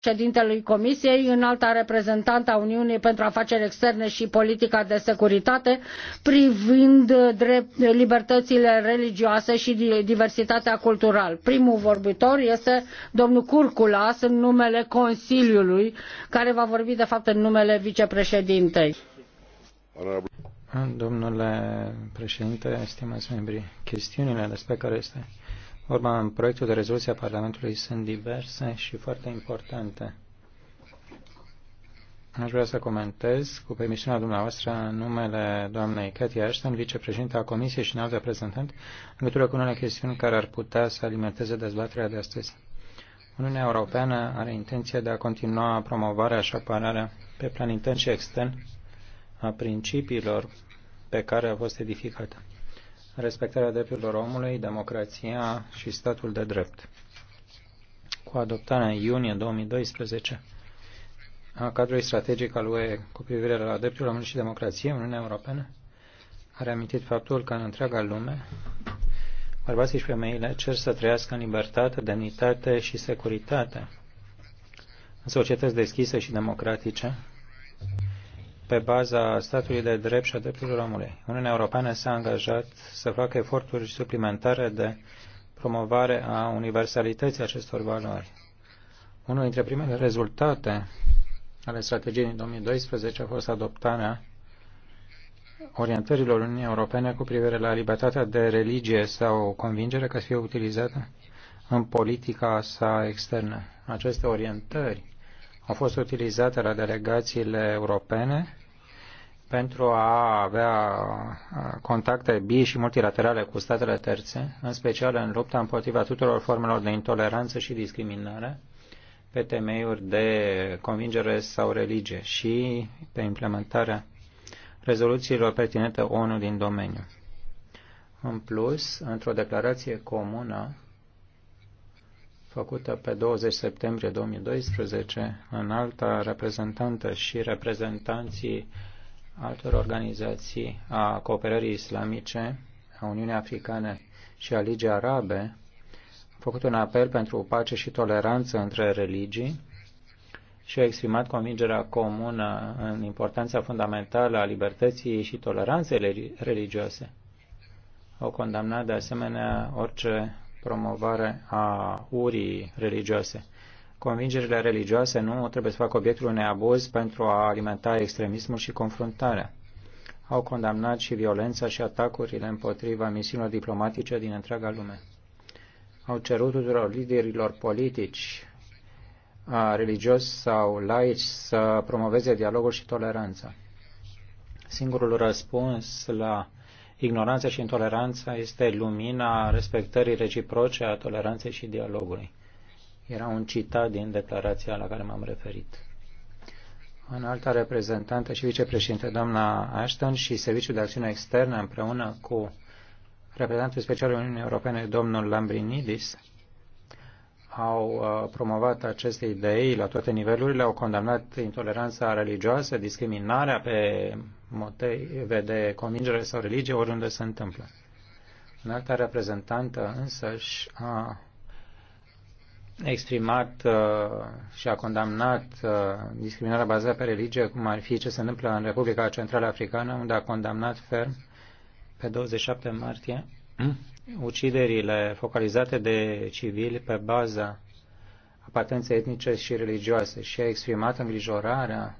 președintelui Comisiei, înalta reprezentantă a Uniunii pentru Afaceri Externe și Politica de Securitate, privind drept, libertățile religioase și diversitatea culturală. Primul vorbitor este domnul Curculas în numele Consiliului, care va vorbi de fapt în numele vicepreședintei. Domnule președinte, stimați membri, chestiunile despre care este Urma în proiectul de rezoluție a Parlamentului sunt diverse și foarte importante. Aș vrea să comentez cu permisiunea dumneavoastră numele doamnei Cathy Ashton, vicepreședinte a Comisiei și înalt reprezentant, în legătură cu unele chestiuni care ar putea să alimenteze dezbaterea de astăzi. Uniunea Europeană are intenția de a continua promovarea și apărarea pe plan intern și extern a principiilor pe care a fost edificată respectarea drepturilor omului, democrația și statul de drept. Cu adoptarea în iunie 2012 a cadrului strategic al UE cu privire la drepturile omului și democrație, Uniunea Europeană a reamintit faptul că în întreaga lume bărbații și femeile cer să trăiască în libertate, demnitate și securitate în societăți deschise și democratice, pe baza statului de drept și a drepturilor omului. Uniunea Europeană s-a angajat să facă eforturi suplimentare de promovare a universalității acestor valori. Unul dintre primele rezultate ale strategiei din 2012 a fost adoptarea orientărilor Uniunii Europene cu privire la libertatea de religie sau convingere ca să fie utilizată în politica sa externă. Aceste orientări a fost utilizată la delegațiile europene pentru a avea contacte bi și multilaterale cu statele terțe, în special în lupta împotriva tuturor formelor de intoleranță și discriminare pe temeiuri de convingere sau religie și pe implementarea rezoluțiilor pertinente ONU din domeniu. În plus, într-o declarație comună făcută pe 20 septembrie 2012 în alta reprezentantă și reprezentanții altor organizații a cooperării islamice, a Uniunii Africane și a Ligii Arabe, a făcut un apel pentru pace și toleranță între religii și a exprimat convingerea comună în importanța fundamentală a libertății și toleranței religioase. Au condamnat de asemenea orice promovare a urii religioase. Convingerile religioase nu trebuie să facă obiectul unei abuz pentru a alimenta extremismul și confruntarea. Au condamnat și violența și atacurile împotriva misiunilor diplomatice din întreaga lume. Au cerut tuturor liderilor politici, religios sau laici, să promoveze dialogul și toleranța. Singurul răspuns la Ignoranța și intoleranța este lumina respectării reciproce a toleranței și dialogului. Era un citat din declarația la care m-am referit. În alta reprezentantă și vicepreședinte, doamna Ashton și Serviciul de Acțiune Externă împreună cu reprezentantul special al Uniunii Europene, domnul Lambrinidis, au uh, promovat aceste idei la toate nivelurile, au condamnat intoleranța religioasă, discriminarea pe motive de convingere sau religie oriunde se întâmplă. alta reprezentantă și a exprimat uh, și a condamnat uh, discriminarea bazată pe religie, cum ar fi ce se întâmplă în Republica Centrală Africană, unde a condamnat ferm pe 27 martie uciderile focalizate de civili pe baza apartenței etnice și religioase și a exprimat îngrijorarea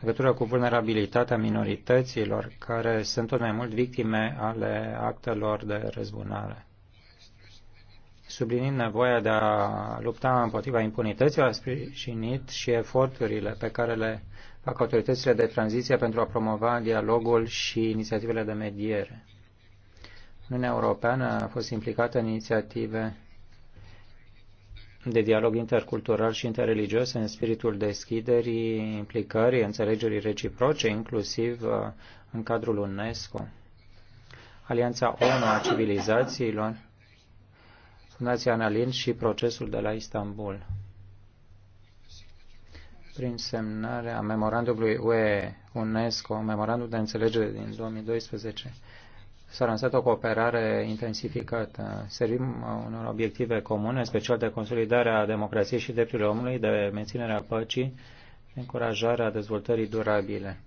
legătură cu vulnerabilitatea minorităților care sunt tot mai mult victime ale actelor de răzbunare. Sublinind nevoia de a lupta împotriva impunității, a sprijinit și eforturile pe care le fac autoritățile de tranziție pentru a promova dialogul și inițiativele de mediere. Uniunea Europeană a fost implicată în inițiative de dialog intercultural și interreligios în spiritul deschiderii, implicării, înțelegerii reciproce, inclusiv uh, în cadrul UNESCO. Alianța ONU a civilizațiilor, Fundația Analin și procesul de la Istanbul. Prin semnarea memorandumului UE UNESCO, memorandul de înțelegere din 2012, s-a lansat o cooperare intensificată. Servim uh, unor obiective comune, special de consolidare a democrației și drepturilor omului, de menținerea păcii, încurajarea dezvoltării durabile.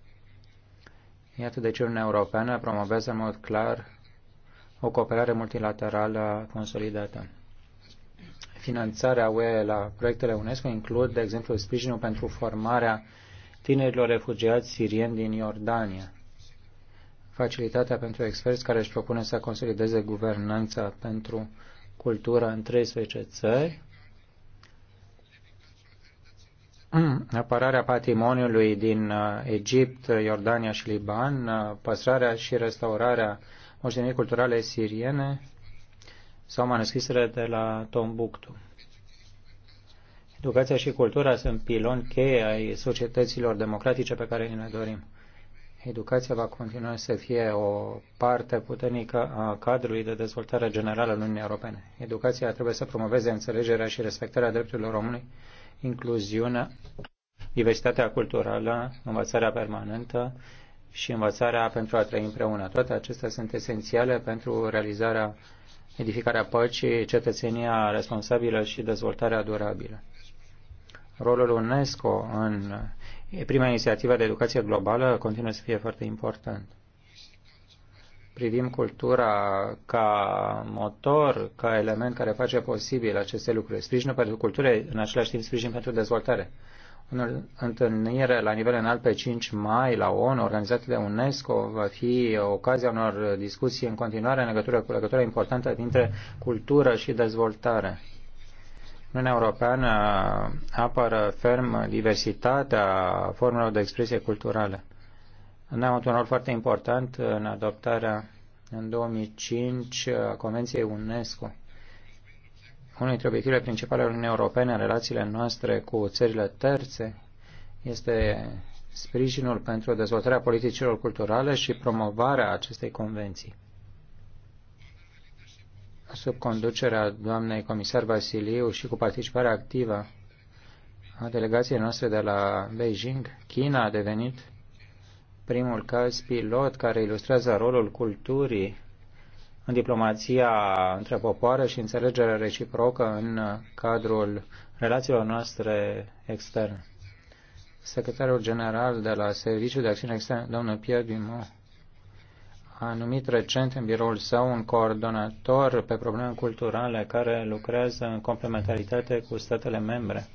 Iată de ce Uniunea Europeană promovează în mod clar o cooperare multilaterală consolidată. Finanțarea UE la proiectele UNESCO includ, de exemplu, sprijinul pentru formarea tinerilor refugiați sirieni din Iordania facilitatea pentru experți care își propune să consolideze guvernanța pentru cultură în 13 țări, apărarea patrimoniului din uh, Egipt, Iordania și Liban, uh, păstrarea și restaurarea moștenirii culturale siriene sau manuscrisele de la Tombuctu. Educația și cultura sunt piloni cheie ai societăților democratice pe care ne dorim. Educația va continua să fie o parte puternică a cadrului de dezvoltare generală al Uniunii Europene. Educația trebuie să promoveze înțelegerea și respectarea drepturilor omului, incluziunea, diversitatea culturală, învățarea permanentă și învățarea pentru a trăi împreună. Toate acestea sunt esențiale pentru realizarea, edificarea păcii, cetățenia responsabilă și dezvoltarea durabilă. Rolul UNESCO în E prima inițiativă de educație globală continuă să fie foarte important. Privim cultura ca motor, ca element care face posibil aceste lucruri. Sprijinul pentru cultură, în același timp, sprijin pentru dezvoltare. În întâlnire la nivel înalt pe 5 mai la ONU, organizată de UNESCO, va fi ocazia unor discuții în continuare în legătură cu legătura importantă dintre cultură și dezvoltare Uniunea Europeană apără ferm diversitatea formelor de expresie culturale. Noi am avut un rol foarte important în adoptarea în 2005 a Convenției UNESCO. Unul dintre obiectivele principale ale Uniunii Europene în relațiile noastre cu țările terțe este sprijinul pentru dezvoltarea politicilor culturale și promovarea acestei convenții sub conducerea doamnei comisar Vasiliu și cu participarea activă a delegației noastre de la Beijing, China a devenit primul caz pilot care ilustrează rolul culturii în diplomația între popoare și înțelegerea reciprocă în cadrul relațiilor noastre externe. Secretarul general de la Serviciul de Acțiune Externă, domnul Pierre Dumont, a numit recent în biroul său un coordonator pe probleme culturale care lucrează în complementaritate cu statele membre,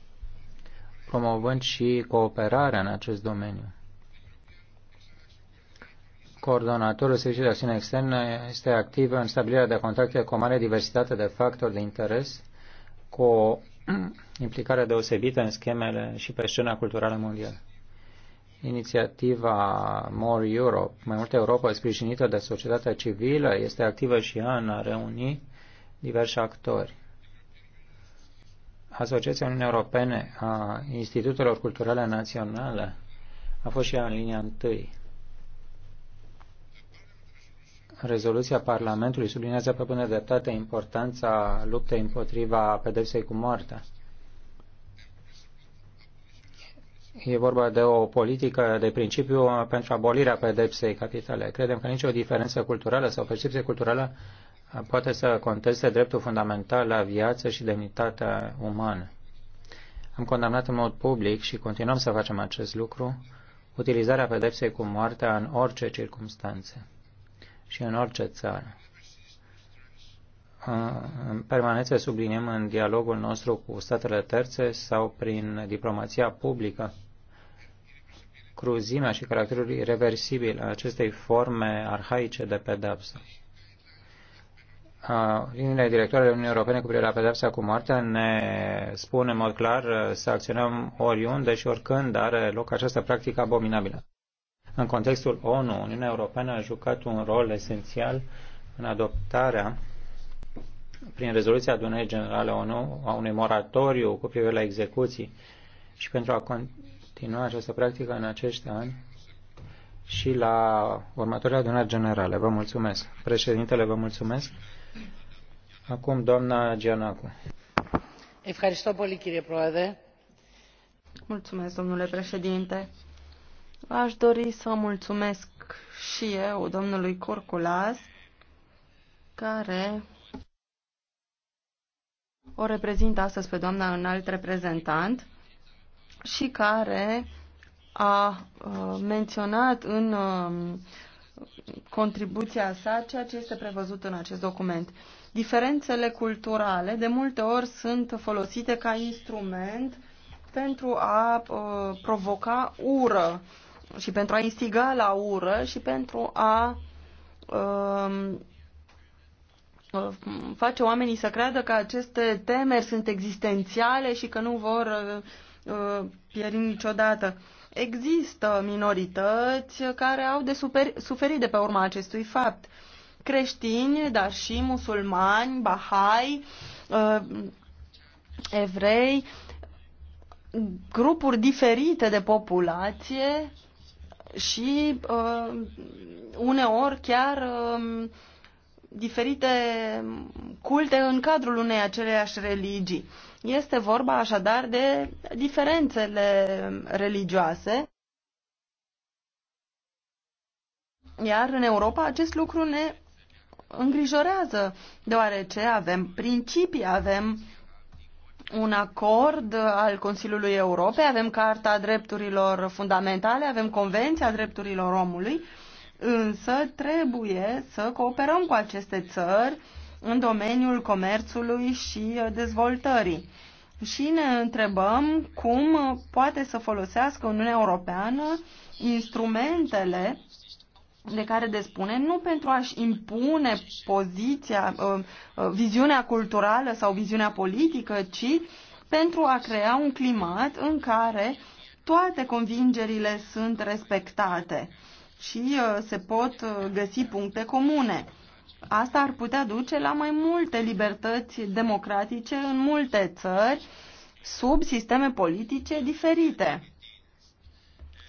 promovând și cooperarea în acest domeniu. Coordonatorul Serviciului de Acțiune Externă este activ în stabilirea de contacte cu o mare diversitate de factori de interes, cu o implicare deosebită în schemele și pe scena culturală mondială. Inițiativa More Europe, mai multă Europa sprijinită de societatea civilă, este activă și ea în a reuni diversi actori. Asociația Uniunii Europene a Institutelor Culturale Naționale a fost și ea în linia întâi. Rezoluția Parlamentului sublinează pe bună dreptate importanța luptei împotriva pedepsei cu moartea E vorba de o politică de principiu pentru abolirea pedepsei capitale. Credem că nicio diferență culturală sau percepție culturală poate să conteste dreptul fundamental la viață și demnitatea umană. Am condamnat în mod public și continuăm să facem acest lucru, utilizarea pedepsei cu moartea în orice circunstanțe și în orice țară. În permanență subliniem în dialogul nostru cu statele terțe sau prin diplomația publică cruzimea și caracterul irreversibil a acestei forme arhaice de pedapsă. Liniile directoare ale Uniunii Europene cu privire la pedepsa cu moartea ne spun în mod clar uh, să acționăm oriunde și oricând are loc această practică abominabilă. În contextul ONU, Uniunea Europeană a jucat un rol esențial în adoptarea prin rezoluția adunării generale ONU a unui moratoriu cu privire la execuții și pentru a continua această practică în acești ani și la următoarea adunare generală. Vă mulțumesc. Președintele, vă mulțumesc. Acum, doamna Gianacu. Mulțumesc, domnule președinte. Aș dori să mulțumesc și eu domnului Corculas, care o reprezintă astăzi pe doamna înalt reprezentant și care a uh, menționat în uh, contribuția sa ceea ce este prevăzut în acest document. Diferențele culturale de multe ori sunt folosite ca instrument pentru a uh, provoca ură și pentru a instiga la ură și pentru a um, face oamenii să creadă că aceste temeri sunt existențiale și că nu vor Uh, pieri niciodată. Există minorități care au de super, suferit de pe urma acestui fapt. Creștini, dar și musulmani, bahai, uh, evrei, grupuri diferite de populație și uh, uneori chiar um, diferite culte în cadrul unei aceleiași religii. Este vorba așadar de diferențele religioase. Iar în Europa acest lucru ne îngrijorează, deoarece avem principii, avem un acord al Consiliului Europei, avem Carta Drepturilor Fundamentale, avem Convenția Drepturilor Omului, însă trebuie să cooperăm cu aceste țări în domeniul comerțului și uh, dezvoltării. Și ne întrebăm cum poate să folosească Uniunea Europeană instrumentele de care despune, nu pentru a-și impune poziția, uh, uh, viziunea culturală sau viziunea politică, ci pentru a crea un climat în care toate convingerile sunt respectate și se pot găsi puncte comune. Asta ar putea duce la mai multe libertăți democratice în multe țări, sub sisteme politice diferite.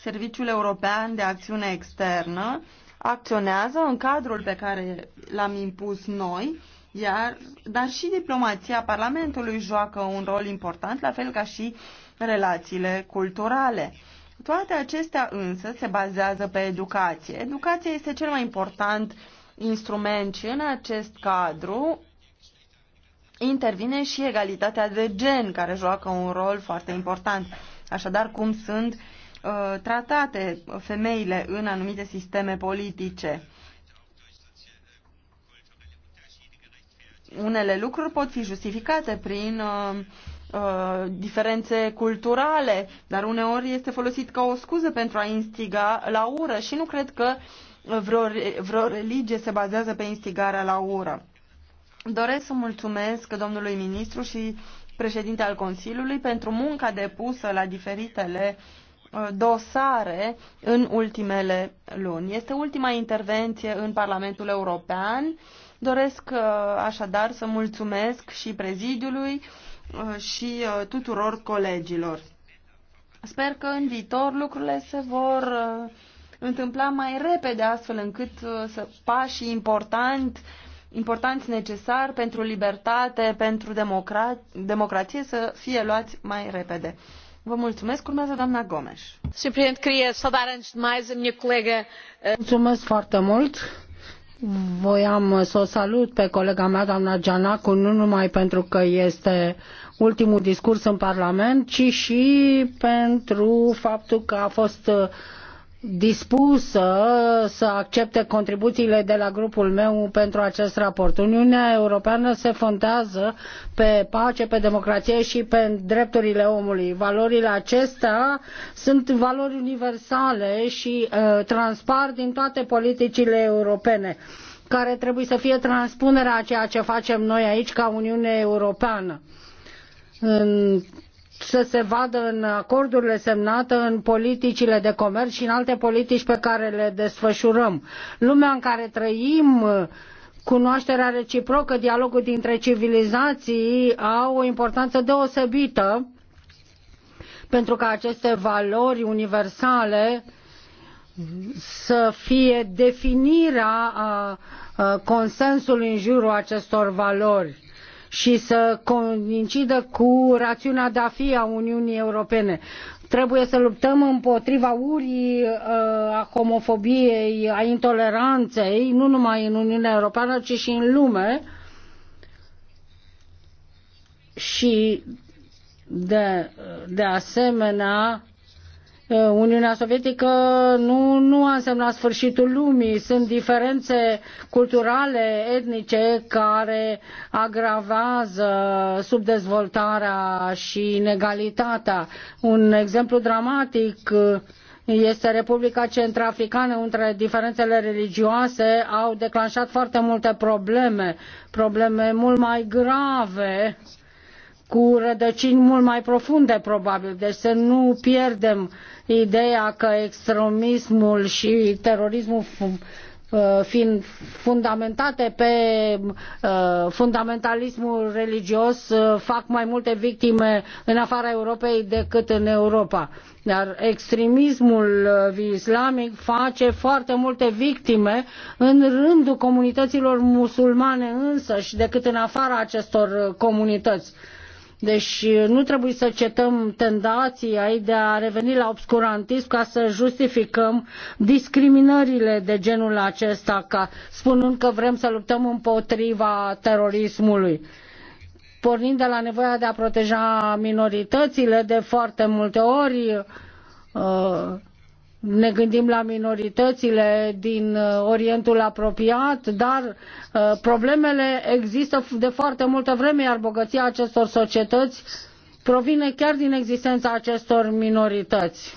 Serviciul European de Acțiune Externă acționează în cadrul pe care l-am impus noi, iar, dar și diplomația Parlamentului joacă un rol important, la fel ca și relațiile culturale. Toate acestea însă se bazează pe educație. Educația este cel mai important uh, instrument și în acest cadru intervine și egalitatea de gen, care joacă un rol foarte important. Așadar, cum sunt uh, tratate femeile în anumite sisteme politice. Unele lucruri pot fi justificate prin uh, uh, diferențe culturale, dar uneori este folosit ca o scuză pentru a instiga la ură și nu cred că uh, vreo, vreo religie se bazează pe instigarea la ură. Doresc să mulțumesc domnului ministru și președinte al Consiliului pentru munca depusă la diferitele uh, dosare în ultimele luni. Este ultima intervenție în Parlamentul European. Doresc uh, așadar să mulțumesc și prezidiului uh, și tuturor colegilor. Sper că în viitor lucrurile se vor întâmpla mai repede astfel încât uh, să pașii important, importanți necesari pentru libertate, pentru democra democrație să fie luați mai repede. Vă mulțumesc. Urmează doamna Gomes. Uh, mulțumesc foarte mult. Voiam să o salut pe colega mea, doamna Gianacu, nu numai pentru că este ultimul discurs în Parlament, ci și pentru faptul că a fost uh, dispusă să accepte contribuțiile de la grupul meu pentru acest raport. Uniunea Europeană se fondează pe pace, pe democrație și pe drepturile omului. Valorile acestea sunt valori universale și uh, transpar din toate politicile europene care trebuie să fie transpunerea a ceea ce facem noi aici ca Uniune Europeană să se vadă în acordurile semnate, în politicile de comerț și în alte politici pe care le desfășurăm. Lumea în care trăim, cunoașterea reciprocă, dialogul dintre civilizații au o importanță deosebită pentru ca aceste valori universale să fie definirea consensului în jurul acestor valori și să coincidă cu rațiunea de a fi a Uniunii Europene. Trebuie să luptăm împotriva urii, uh, a homofobiei, a intoleranței, nu numai în Uniunea Europeană, ci și în lume. Și de, de asemenea, Uh, Uniunea Sovietică nu, nu a însemnat sfârșitul lumii, sunt diferențe culturale, etnice care agravează subdezvoltarea și inegalitatea. Un exemplu dramatic uh, este Republica Centrafricană, unde diferențele religioase au declanșat foarte multe probleme, probleme mult mai grave cu rădăcini mult mai profunde, probabil. Deci să nu pierdem ideea că extremismul și terorismul uh, fiind fundamentate pe uh, fundamentalismul religios, uh, fac mai multe victime în afara Europei decât în Europa. Dar extremismul islamic face foarte multe victime în rândul comunităților musulmane însă și decât în afara acestor comunități. Deci eh, nu trebuie să cetăm tendația de a reveni la obscurantism ca să justificăm discriminările de genul acesta, ca, spunând că vrem să luptăm împotriva terorismului pornind de la nevoia de a proteja minoritățile, de foarte multe ori uh, ne gândim la minoritățile din uh, Orientul apropiat, dar uh, problemele există de foarte multă vreme, iar bogăția acestor societăți provine chiar din existența acestor minorități.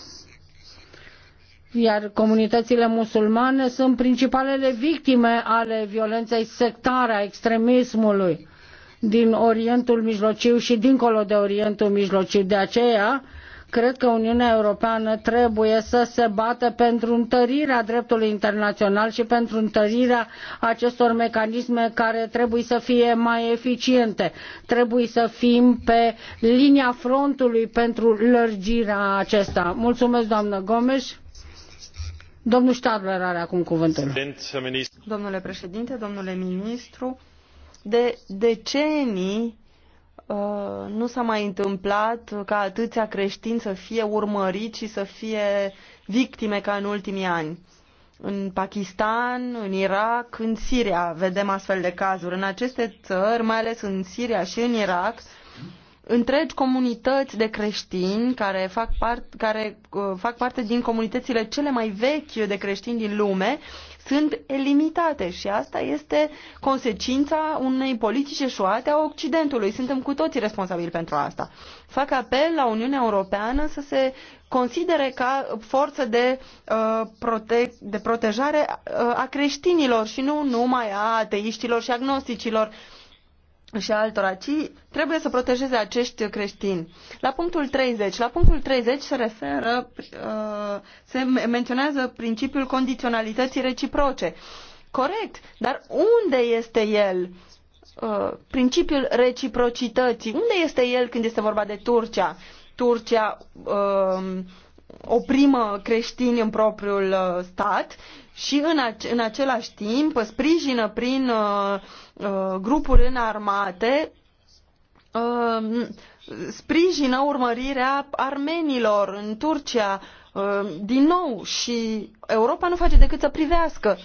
Iar comunitățile musulmane sunt principalele victime ale violenței sectare, a extremismului din Orientul Mijlociu și dincolo de Orientul Mijlociu. De aceea, Cred că Uniunea Europeană trebuie să se bată pentru întărirea dreptului internațional și pentru întărirea acestor mecanisme care trebuie să fie mai eficiente. Trebuie să fim pe linia frontului pentru lărgirea acesta. Mulțumesc, doamnă Gomes. Domnul Stadler are acum cuvântul. Domnule președinte, domnule ministru, de decenii Uh, nu s-a mai întâmplat ca atâția creștini să fie urmăriți și să fie victime ca în ultimii ani. În Pakistan, în Irak, în Siria vedem astfel de cazuri. În aceste țări, mai ales în Siria și în Irak, întregi comunități de creștini care fac, part, care, uh, fac parte din comunitățile cele mai vechi de creștini din lume sunt limitate și asta este consecința unei politici eșuate a Occidentului. Suntem cu toții responsabili pentru asta. Fac apel la Uniunea Europeană să se considere ca forță de, uh, prote- de protejare uh, a creștinilor și nu numai a ateiștilor și agnosticilor. Uh, și altora, ci trebuie să protejeze acești creștini. La punctul 30, la punctul 30 se referă, uh, se menționează principiul condiționalității reciproce. Corect, dar unde este el? Uh, principiul reciprocității, unde este el când este vorba de Turcia? Turcia uh, oprimă creștini în propriul uh, stat și în, ac- în același timp sprijină prin uh, uh, grupuri armate uh, sprijină urmărirea armenilor în Turcia uh, din nou și Europa nu face decât să privească uh,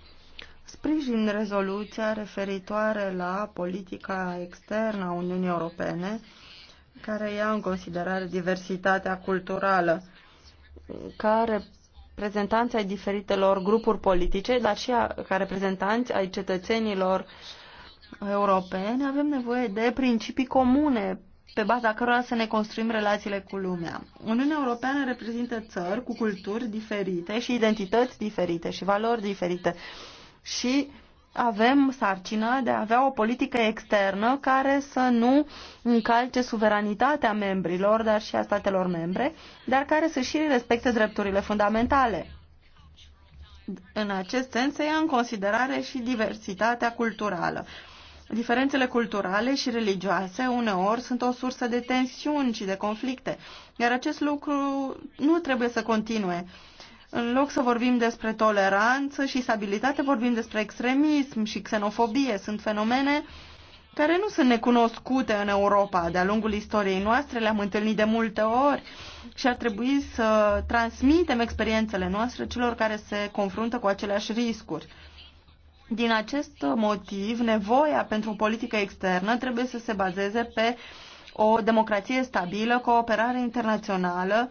sprijin rezoluția referitoare la politica externă a Uniunii Europene, care ia în considerare diversitatea culturală, care reprezentanți ai diferitelor grupuri politice, dar și ca reprezentanți ai cetățenilor europeni, avem nevoie de principii comune pe baza cărora să ne construim relațiile cu lumea. Uniunea Europeană reprezintă țări cu culturi diferite și identități diferite și valori diferite și avem sarcină de a avea o politică externă care să nu încalce suveranitatea membrilor, dar și a statelor membre, dar care să și respecte drepturile fundamentale. În acest sens se ia în considerare și diversitatea culturală. Diferențele culturale și religioase uneori sunt o sursă de tensiuni și de conflicte, iar acest lucru nu trebuie să continue. În loc să vorbim despre toleranță și stabilitate, vorbim despre extremism și xenofobie. Sunt fenomene care nu sunt necunoscute în Europa. De-a lungul istoriei noastre le-am întâlnit de multe ori și ar trebui să transmitem experiențele noastre celor care se confruntă cu aceleași riscuri. Din acest motiv, nevoia pentru o politică externă trebuie să se bazeze pe o democrație stabilă, cooperare internațională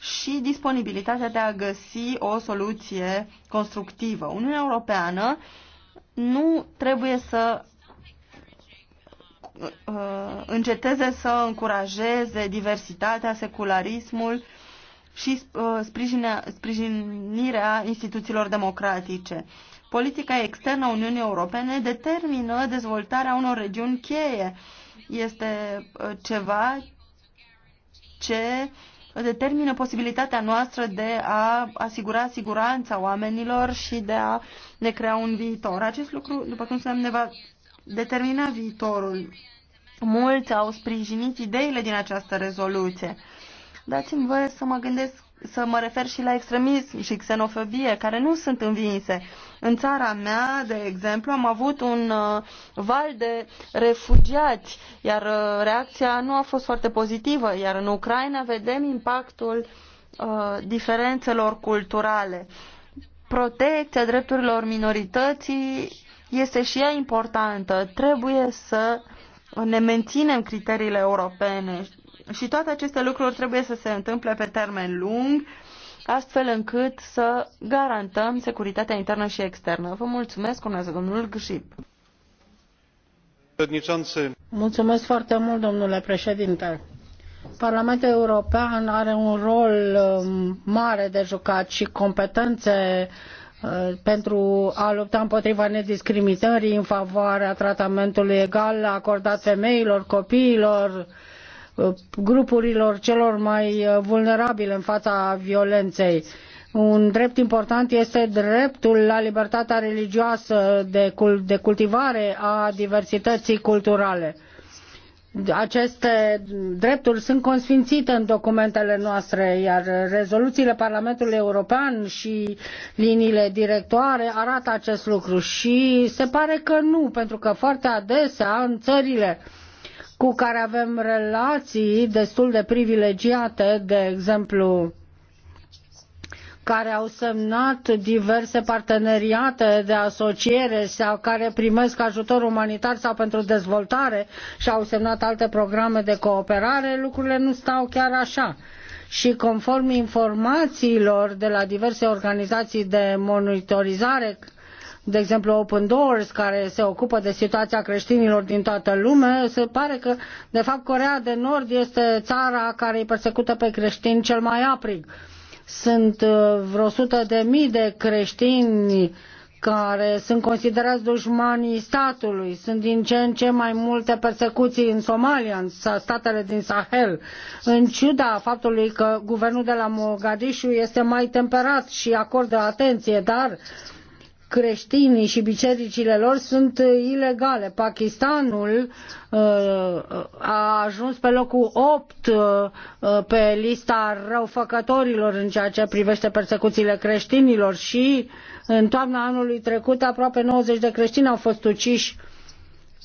și disponibilitatea de a găsi o soluție constructivă. Uniunea Europeană nu trebuie să uh, înceteze să încurajeze diversitatea, secularismul și uh, sprijinirea instituțiilor democratice. Politica externă a Uniunii Europene determină dezvoltarea unor regiuni cheie. Este uh, ceva ce determină posibilitatea noastră de a asigura siguranța oamenilor și de a ne crea un viitor. Acest lucru, după cum spuneam, ne va determina viitorul. Mulți au sprijinit ideile din această rezoluție. Dați-mi voie să mă gândesc să mă refer și la extremism și xenofobie, care nu sunt învinse. În țara mea, de exemplu, am avut un uh, val de refugiați, iar uh, reacția nu a fost foarte pozitivă, iar în Ucraina vedem impactul uh, diferențelor culturale. Protecția drepturilor minorității este și ea importantă. Trebuie să ne menținem criteriile europene și toate aceste lucruri trebuie să se întâmple pe termen lung, astfel încât să garantăm securitatea internă și externă. Vă mulțumesc, urmează domnul Gșip. Mulțumesc foarte mult, domnule președinte. Parlamentul European are un rol um, mare de jucat și competențe uh, pentru a lupta împotriva nediscriminării în favoarea tratamentului egal acordat femeilor, copiilor, Uh, grupurilor celor mai uh, vulnerabile în fața violenței. Un drept important este dreptul la libertatea religioasă de, de cultivare a diversității culturale. Aceste drepturi sunt consfințite în documentele noastre, iar rezoluțiile Parlamentului European și liniile directoare arată acest lucru și se pare că nu, pentru că foarte adesea în țările uh, cu care avem relații destul de privilegiate, de exemplu, care au semnat diverse parteneriate de asociere sau care primesc ajutor umanitar sau pentru dezvoltare și au semnat alte programe de cooperare, lucrurile nu stau chiar așa. Și conform informațiilor de la diverse organizații de monitorizare de exemplu Open Doors, care se ocupă de situația creștinilor din toată lumea, se pare că, de fapt, Corea de Nord este țara care îi persecută pe creștini cel mai aprig. Sunt uh, vreo sută de mii de creștini care sunt considerați dușmanii statului. Sunt din ce în ce mai multe persecuții în Somalia, în statele din Sahel, în ciuda faptului că guvernul de la Mogadishu este mai temperat și acordă atenție, dar creștinii și bisericile lor sunt ilegale. Pakistanul uh, a ajuns pe locul opt uh, pe lista răufăcătorilor în ceea ce privește persecuțiile creștinilor și în toamna anului trecut aproape 90 de creștini au fost uciși uh,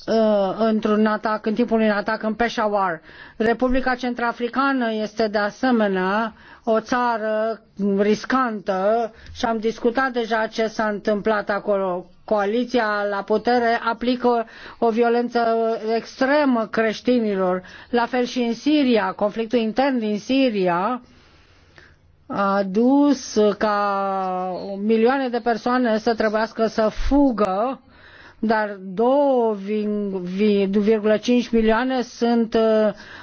Uh, într-un atac, în timpul unui atac în Peshawar. Republica Centrafricană este de asemenea o țară riscantă și am discutat deja ce s-a întâmplat acolo. Coaliția la putere aplică o violență extremă creștinilor. La fel și în Siria, conflictul intern din Siria a dus ca milioane de persoane să trebuiască să fugă uh, dar 2,5 milioane sunt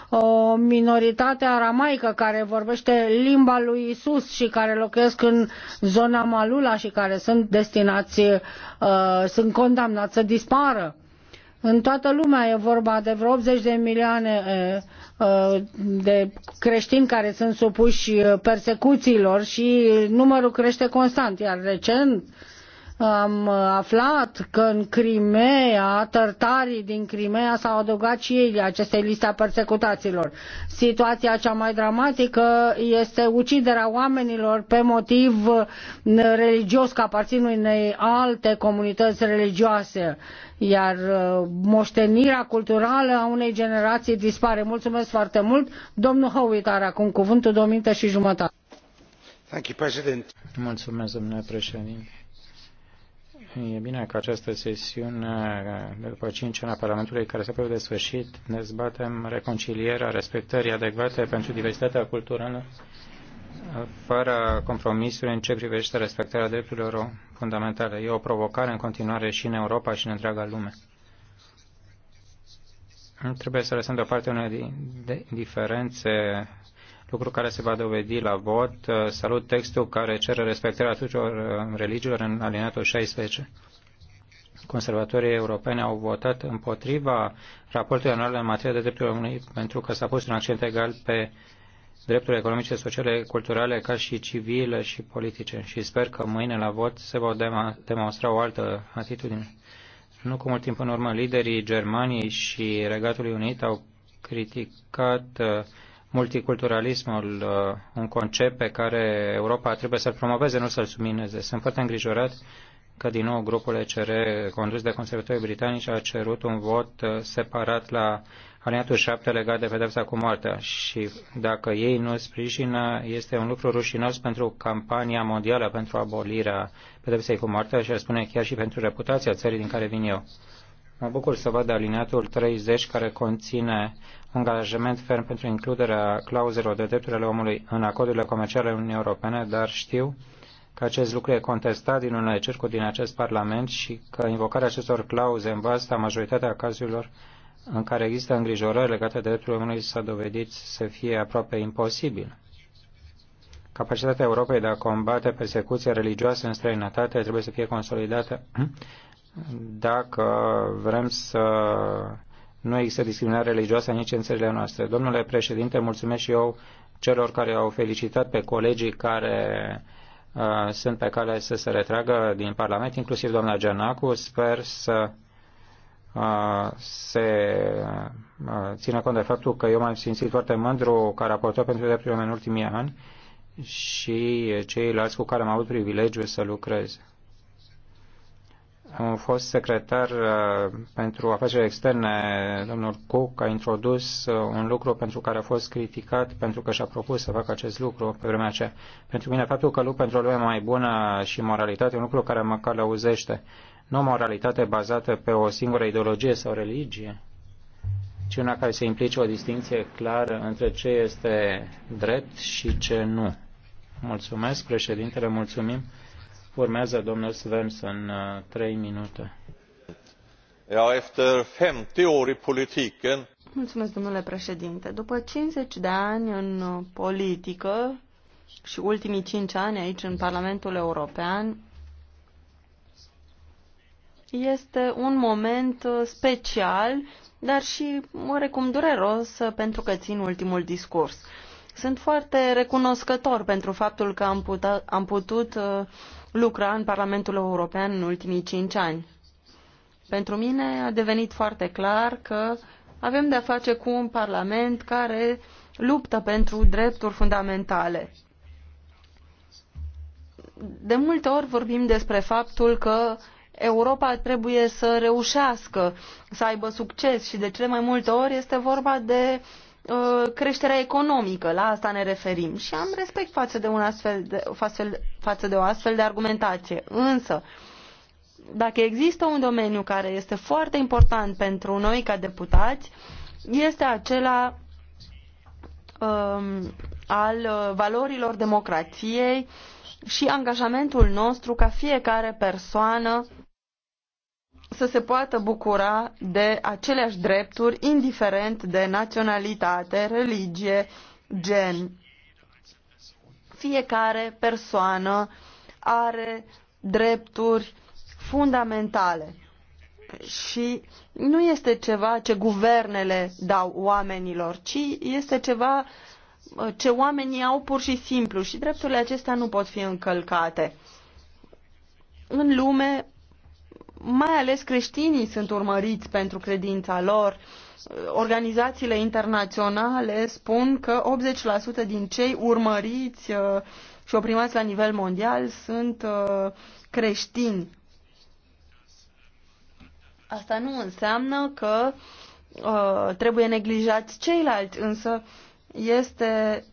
uh, o minoritate aramaică care vorbește limba lui Isus și care locuiesc în zona Malula și care sunt destinați, uh, sunt condamnați să dispară. În toată lumea e vorba de vreo 80 de milioane uh, de creștini care sunt supuși persecuțiilor și numărul crește constant, iar recent am aflat că în Crimea, tărtarii din Crimea s-au adăugat și ei acestei liste a persecutaților. Situația cea mai dramatică este uciderea oamenilor pe motiv religios, că aparțin unei alte comunități religioase, iar uh, moștenirea culturală a unei generații dispare. Mulțumesc foarte mult. Domnul Howitt are acum cuvântul, două minute și jumătate. Thank you, President. Mulțumesc, domnule președinte E bine că această sesiune, după 5 ani a Parlamentului, care se apropie de sfârșit, zbatem reconcilierea respectării adecvate pentru diversitatea culturală, fără compromisuri în ce privește respectarea drepturilor fundamentale. E o provocare în continuare și în Europa și în întreaga lume. Trebuie să lăsăm deoparte unele diferențe lucru care se va dovedi la vot. Uh, salut textul care cere respectarea tuturor uh, religiilor în alineatul 16. Conservatorii europene au votat împotriva raportului anual în materie de drepturile omului pentru că s-a pus un accent egal pe drepturile economice, sociale, culturale, ca și civile și politice. Și sper că mâine la vot se va demonstra o altă atitudine. Nu cu mult timp în urmă, liderii Germaniei și Regatului Unit au criticat uh, multiculturalismul, uh, un concept pe care Europa trebuie să-l promoveze, nu să-l submineze. Sunt foarte îngrijorat că din nou grupul ECR condus de conservatorii britanici a cerut un vot uh, separat la alineatul 7 legat de pedepsa cu moartea și dacă ei nu sprijină, este un lucru rușinos pentru campania mondială pentru abolirea pedepsei cu moartea și, ar spune, chiar și pentru reputația țării din care vin eu. Mă bucur să văd alineatul 30 care conține angajament ferm pentru includerea clauzelor de drepturi ale omului în acordurile comerciale Uniunii Europene, dar știu că acest lucru e contestat din unele cercuri din acest Parlament și că invocarea acestor clauze în vasta majoritatea cazurilor în care există îngrijorări legate de drepturile omului s-a dovedit să fie aproape imposibil. Capacitatea Europei de a combate persecuția religioasă în străinătate trebuie să fie consolidată dacă vrem să nu există discriminare religioasă nici în țările noastre. Domnule președinte, mulțumesc și eu celor care au felicitat pe colegii care uh, sunt pe cale să se retragă din Parlament, inclusiv doamna Gianacu. Sper să uh, se uh, țină cont de faptul că eu m-am simțit foarte mândru ca raportor pentru drepturile în ultimii ani și ceilalți cu care am avut privilegiul să lucrez un fost secretar uh, pentru afaceri externe, domnul Cook, a introdus uh, un lucru pentru care a fost criticat, pentru că și-a propus să facă acest lucru pe vremea aceea. Pentru mine, faptul că lupt pentru o lume mai bună și moralitate un lucru care mă călăuzește. Nu o moralitate bazată pe o singură ideologie sau religie, ci una care să implice o distinție clară între ce este drept și ce nu. Mulțumesc, președintele, mulțumim. Urmează domnul Svensson, uh, trei minute. Ja, efter 50 år i politiken. Mulțumesc, domnule președinte. După 50 de ani în uh, politică și ultimii 5 ani aici în Parlamentul European, este un moment uh, special, dar și oarecum dureros pentru că țin ultimul discurs. Sunt foarte recunoscător pentru faptul că am, putut, am putut lucra în Parlamentul European în ultimii cinci ani. Pentru mine a devenit foarte clar că avem de-a face cu un Parlament care luptă pentru drepturi fundamentale. De multe ori vorbim despre faptul că Europa trebuie să reușească, să aibă succes și de cele mai multe ori este vorba de uh, Uh, creșterea economică, la asta ne referim și am respect față de, un astfel de, față, față de o astfel de argumentație. Însă, dacă există un domeniu care este foarte important pentru noi ca deputați, este acela um, al uh, valorilor democrației și angajamentul nostru ca fiecare persoană să se poată bucura de aceleași drepturi, indiferent de naționalitate, religie, gen. Fiecare persoană are drepturi fundamentale și nu este ceva ce guvernele dau oamenilor, ci este ceva uh, ce oamenii au pur și simplu și drepturile acestea nu pot fi încălcate. În lume mai ales creștinii sunt urmăriți pentru credința lor. Organizațiile internaționale spun că 80% din cei urmăriți uh, și oprimați la nivel mondial sunt uh, creștini. Asta nu înseamnă că uh, trebuie neglijați ceilalți, însă este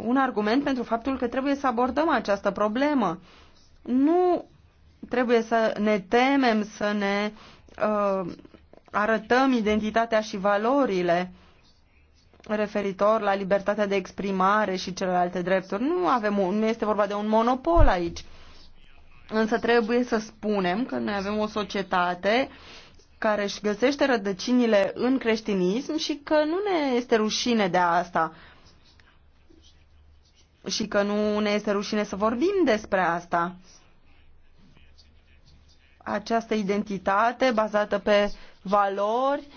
un argument pentru faptul că trebuie să abordăm această problemă. Nu trebuie să ne temem, să ne uh, arătăm identitatea și valorile referitor la libertatea de exprimare și celelalte drepturi. Nu, avem, nu este vorba de un monopol aici. Însă trebuie să spunem că noi avem o societate care își găsește rădăcinile în creștinism și că nu ne este rușine de asta și că nu ne este rușine să vorbim despre asta această identitate bazată pe valori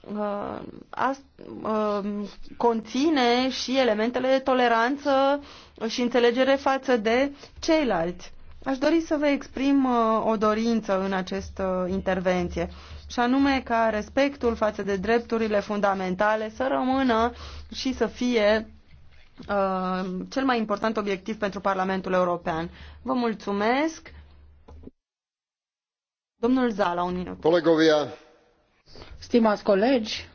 uh, a, uh, conține și elementele de toleranță și înțelegere față de ceilalți. Aș dori să vă exprim uh, o dorință în această intervenție, și anume ca respectul față de drepturile fundamentale să rămână și să fie uh, cel mai important obiectiv pentru Parlamentul European. Vă mulțumesc! Domnul Zala, un minut. Colegovia. Stimați colegi,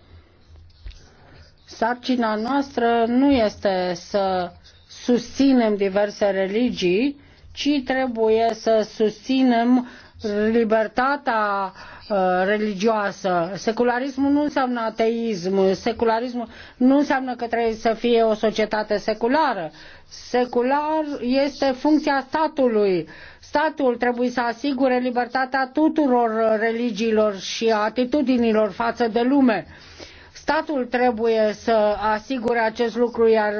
sarcina noastră nu este să susținem diverse religii, ci trebuie să susținem libertatea uh, religioasă. Secularismul nu înseamnă ateism, secularismul nu înseamnă că trebuie să fie o societate seculară. Secular este funcția statului Statul trebuie să asigure libertatea tuturor uh, religiilor și atitudinilor față de lume. Statul trebuie să asigure acest lucru, iar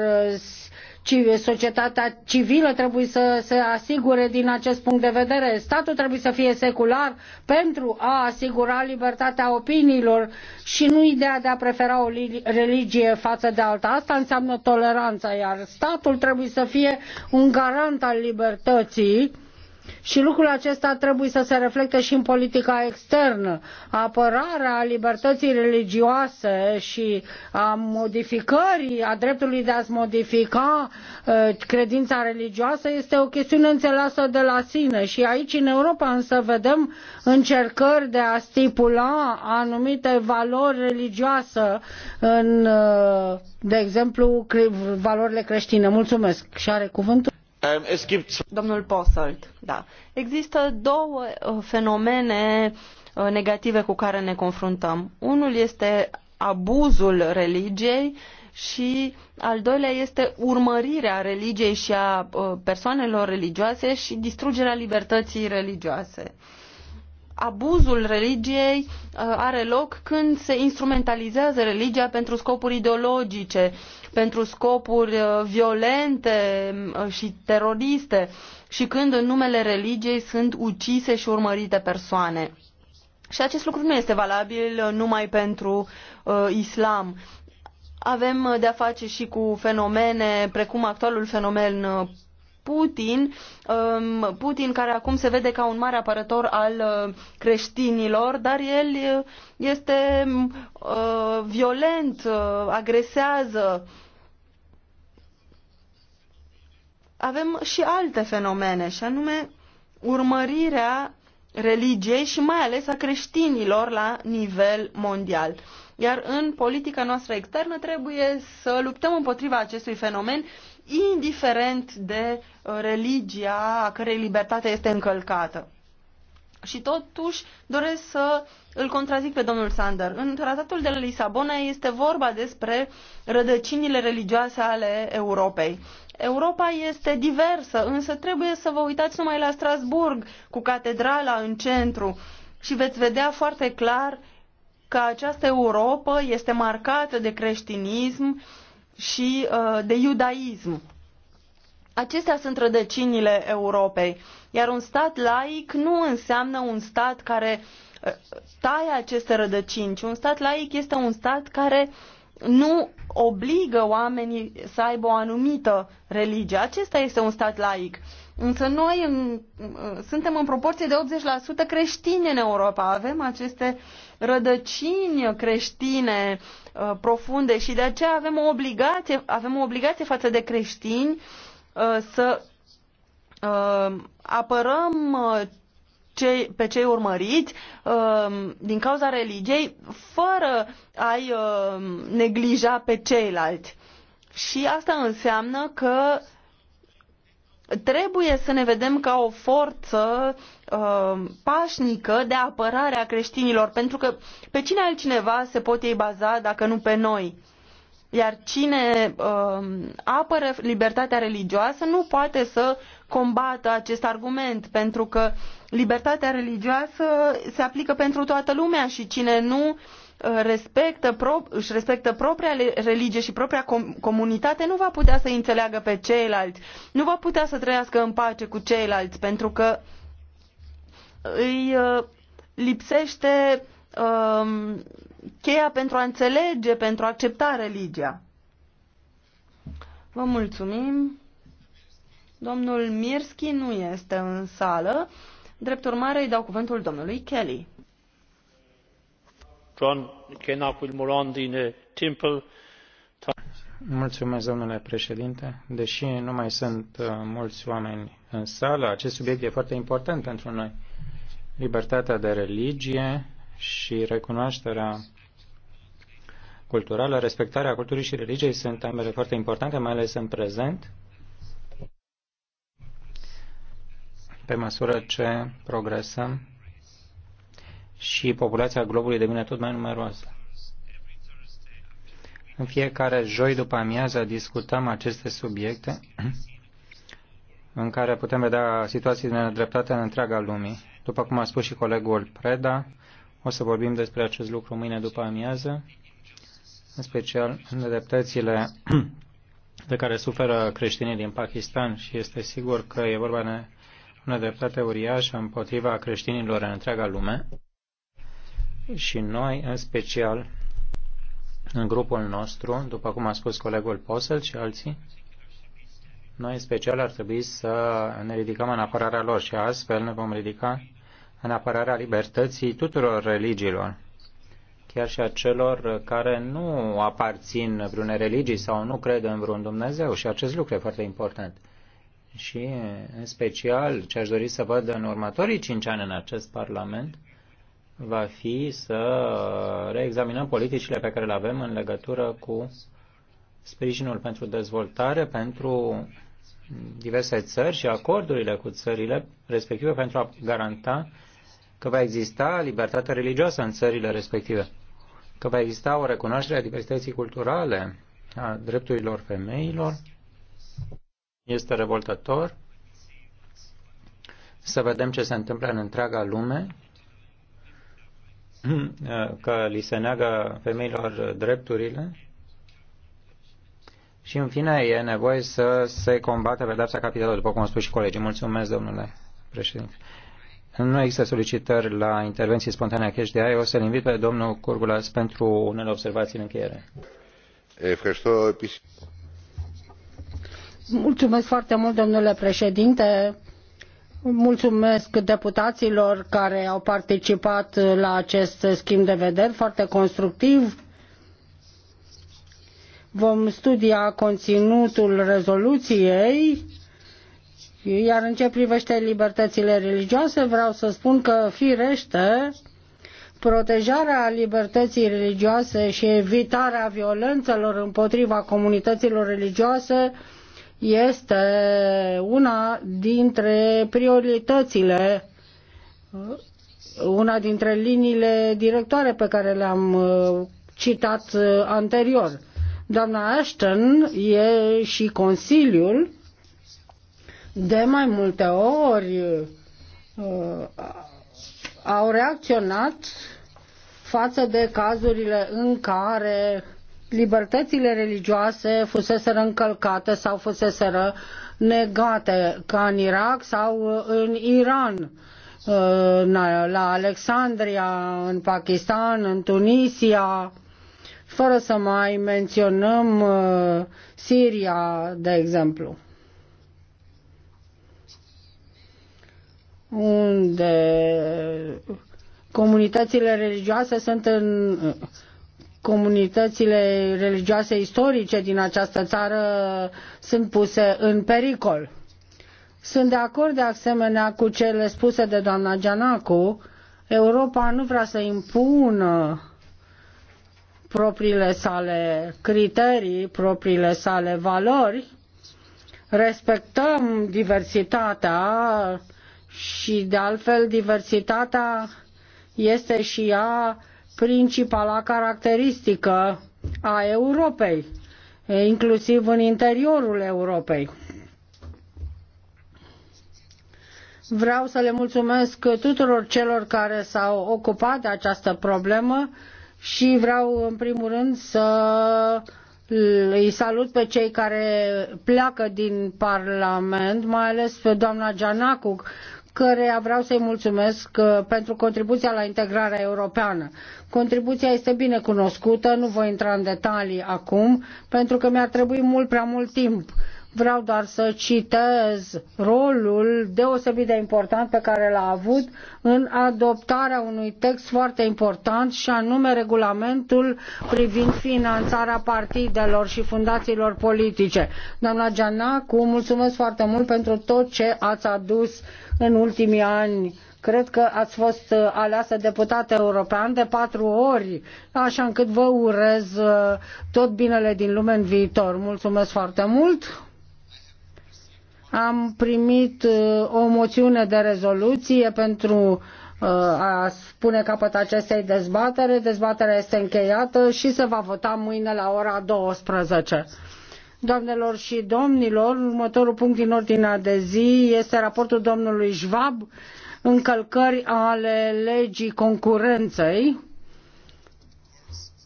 uh, societatea civilă trebuie să se asigure din acest punct de vedere. Statul trebuie să fie secular pentru a asigura libertatea opiniilor și nu ideea de a prefera o religie față de alta. Asta înseamnă toleranța, iar statul trebuie să fie un garant al libertății și lucrul acesta trebuie să se reflecte și în politica externă. Apărarea libertății religioase și a modificării, a dreptului de a-ți modifica uh, credința religioasă este o chestiune înțeleasă de la sine. Și aici, în Europa, însă, vedem încercări de a stipula anumite valori religioase în, uh, de exemplu, valorile creștine. Mulțumesc și are cuvântul. Um, Domnul Posselt, da. Există două uh, fenomene uh, negative cu care ne confruntăm. Unul este abuzul religiei și al doilea este urmărirea religiei și a uh, persoanelor religioase și distrugerea libertății religioase. Abuzul religiei are loc când se instrumentalizează religia pentru scopuri ideologice, pentru scopuri uh, violente uh, și teroriste și când în numele religiei sunt ucise și urmărite persoane. Și acest lucru nu este valabil uh, numai pentru uh, islam. Avem de-a face și cu fenomene precum actualul fenomen Putin, um, Putin care acum se vede ca un mare apărător al creștinilor, dar el este violent, agresează avem și alte fenomene, și anume urmărirea religiei și mai ales a creștinilor la nivel mondial. Iar în politica noastră externă trebuie să luptăm împotriva acestui fenomen, indiferent de uh, religia a cărei libertate este încălcată. Și totuși doresc să îl contrazic pe domnul Sander. În tratatul de la Lisabona este vorba despre rădăcinile religioase ale Europei. Europa este diversă, însă trebuie să vă uitați numai la Strasburg, cu catedrala în centru, și veți vedea foarte clar că această Europa este marcată de creștinism și uh, de iudaism. Acestea sunt rădăcinile Europei, iar un stat laic nu înseamnă un stat care uh, taie aceste rădăcini, ci un stat laic este un stat care nu obligă oamenii să aibă o anumită religie. Acesta este un stat laic. Însă noi în, uh, suntem în proporție de 80% creștini în Europa. Avem aceste rădăcini creștine uh, profunde și de aceea avem o obligație, avem o obligație față de creștini Uh, să uh, apărăm uh, cei, pe cei urmăriți din cauza religiei fără a-i neglija pe ceilalți. Și asta înseamnă că trebuie să ne vedem ca o forță pașnică de apărare a creștinilor, pentru că pe cine altcineva se pot ei baza dacă nu pe noi? Iar cine uh, apără libertatea religioasă nu poate să combată acest argument, pentru că libertatea religioasă se aplică pentru toată lumea și cine nu uh, respectă pro- își respectă propria religie și propria com- comunitate, nu va putea să înțeleagă pe ceilalți, nu va putea să trăiască în pace cu ceilalți, pentru că îi uh, lipsește um, cheia pentru a înțelege, pentru a accepta religia. Vă mulțumim. Domnul Mirski nu este în sală. Drept urmare, îi dau cuvântul domnului Kelly. John Kenacul Moran din eh, Temple. Mulțumesc, domnule președinte. Deși nu mai sunt eh, mulți oameni în sală, acest subiect e foarte important pentru noi. Libertatea de religie și recunoașterea culturală, respectarea culturii și religiei sunt ambele foarte importante, mai ales în prezent, pe măsură ce progresăm și populația globului devine tot mai numeroasă. În fiecare joi după amiază discutăm aceste subiecte în care putem vedea situații de nedreptate în întreaga lume. După cum a spus și colegul Preda, o să vorbim despre acest lucru mâine după amiază în special în dreptățile de care suferă creștinii din Pakistan și este sigur că e vorba de o nedreptate uriașă împotriva creștinilor în întreaga lume și noi, în special, în grupul nostru, după cum a spus colegul Posel și alții, noi, în special, ar trebui să ne ridicăm în apărarea lor și astfel ne vom ridica în apărarea libertății tuturor religiilor chiar și a celor care nu aparțin vreunei religii sau nu cred în vreun Dumnezeu și acest lucru e foarte important. Și, în special, ce aș dori să văd în următorii cinci ani în acest Parlament va fi să reexaminăm politicile pe care le avem în legătură cu sprijinul pentru dezvoltare, pentru diverse țări și acordurile cu țările respective pentru a garanta că va exista libertate religioasă în țările respective că va exista o recunoaștere a diversității culturale, a drepturilor femeilor. Este revoltător să vedem ce se întâmplă în întreaga lume, că li se neagă femeilor drepturile. Și în fine e nevoie să se combată pedepsa capitală, după cum au spus și colegii. Mulțumesc, domnule președinte. Nu există solicitări la intervenții spontane cash de aia. O să-l invit pe domnul Curgulas pentru unele observații în încheiere. Mulțumesc foarte mult, domnule președinte. Mulțumesc deputaților care au participat la acest schimb de vederi foarte constructiv. Vom studia conținutul rezoluției iar în ce privește libertățile religioase, vreau să spun că, firește, protejarea libertății religioase și evitarea violențelor împotriva comunităților religioase este una dintre prioritățile, una dintre liniile directoare pe care le-am uh, citat uh, anterior. Doamna Ashton e și Consiliul de mai multe ori uh, au reacționat față de cazurile în care libertățile religioase fuseseră încălcate sau fuseseră negate, ca în Irak sau în Iran, uh, la Alexandria, în Pakistan, în Tunisia, fără să mai menționăm uh, Siria, de exemplu. unde comunitățile religioase sunt în comunitățile religioase istorice din această țară sunt puse în pericol. Sunt de acord de asemenea cu cele spuse de doamna Gianacu. Europa nu vrea să impună propriile sale criterii, propriile sale valori. Respectăm diversitatea, și de altfel diversitatea este și ea principala caracteristică a Europei, inclusiv în interiorul Europei. Vreau să le mulțumesc tuturor celor care s-au ocupat de această problemă și vreau în primul rând să îi salut pe cei care pleacă din Parlament, mai ales pe doamna Gianacu, căreia vreau să-i mulțumesc uh, pentru contribuția la integrarea europeană. Contribuția este bine cunoscută, nu voi intra în detalii acum, pentru că mi-ar trebui mult prea mult timp. Vreau doar să citez rolul deosebit de important pe care l-a avut în adoptarea unui text foarte important și anume regulamentul privind finanțarea partidelor și fundațiilor politice. Doamna Gianacu, mulțumesc foarte mult pentru tot ce ați adus uh, în ultimii ani. Cred că ați fost uh, aleasă deputat european de patru ori, așa încât vă urez uh, tot binele din lume în viitor. Mulțumesc foarte mult! Am primit uh, o moțiune de rezoluție pentru a spune capăt acestei dezbatere. Dezbaterea este încheiată și se va vota mâine la ora 12. Doamnelor și domnilor, următorul punct din ordinea de zi este raportul domnului Schwab, încălcări ale legii concurenței.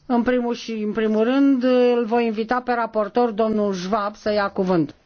În primul și în primul rând îl voi invita pe raportor domnul Schwab să ia cuvântul.